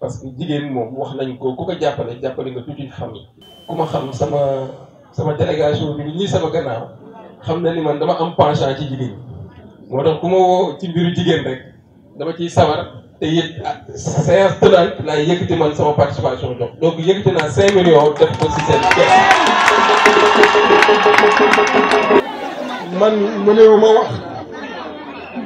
parce que jigéen moom wax nañ koo ko ku ko jàppale jàppale nga toute xam famille. ku ma xam sama sama délégation bi ñii sama gannaaw xam na ni man dama am penchant ci jigéen moo tax ku ma ci mbiru jigéen rek dama ciy sawar te ah, it sama participation jox donc yëkkati naa 5 millions def ko si seen man mëneewu wax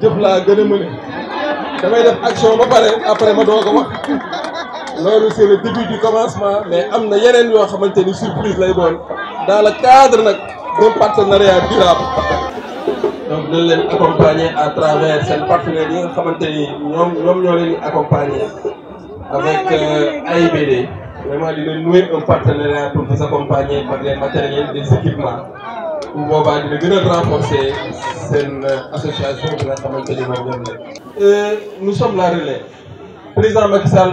jëf laa gën a mëne damay def action ba pare après ma doog a wax loolu c'est le début du commencement mais am na yeneen yoo xamante ni surprise lay doon dans le cadre nag d'un partenariat durable. donc dañ leen accompagner à travers seen partenariat, yi nga xamante ni ñoom ñoo leen accompagner avec euh, AIBD vraiment dina nouer un partenariat pour vous accompagner par les matériels des équipements. bu boobaa dina gën a renforcer seen euh, association bi nga xamante ni euh, nous sommes la relais président Macky Sall.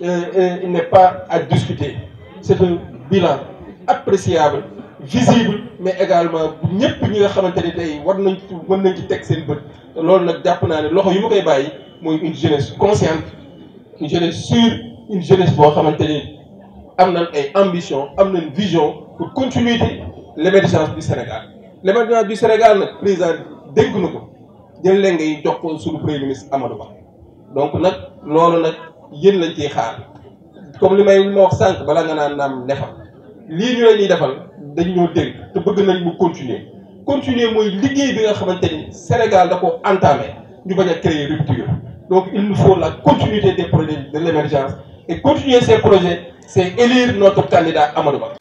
Euh, euh, il n'est pas à discuter. C'est un bilan appréciable, visible, mais également bu ñëpp ñi nga xamante ni tey war nañ ci mën nañ ci teg seen bët te loolu nag jàpp naa ne loxo yu ma koy bàyyi mooy une jeunesse consciente une jeunesse sûre une jeunesse boo xamante am nañ ay ambition am nañ vision pour continuité l'émergence du Sénégal l'émergence du Sénégal nag président dénk na ko jël leen ngay jox ko suñu premier ministre Amadou Ba donc nag loolu nag yéen lañ ciy xaar comme li may ma wax sànq balaa nga naan naam ne fa lii ñu leen ñuy defal dañ ñoo dégg te bëgg nañ mu continuer continuer mooy liggéey bi nga xamante ni Sénégal da ko entamé ñu bañ a créer rupture donc il nous faut la continuité des projets de l'émergence et continuer ces projets c'est élire notre candidat Amadou Ba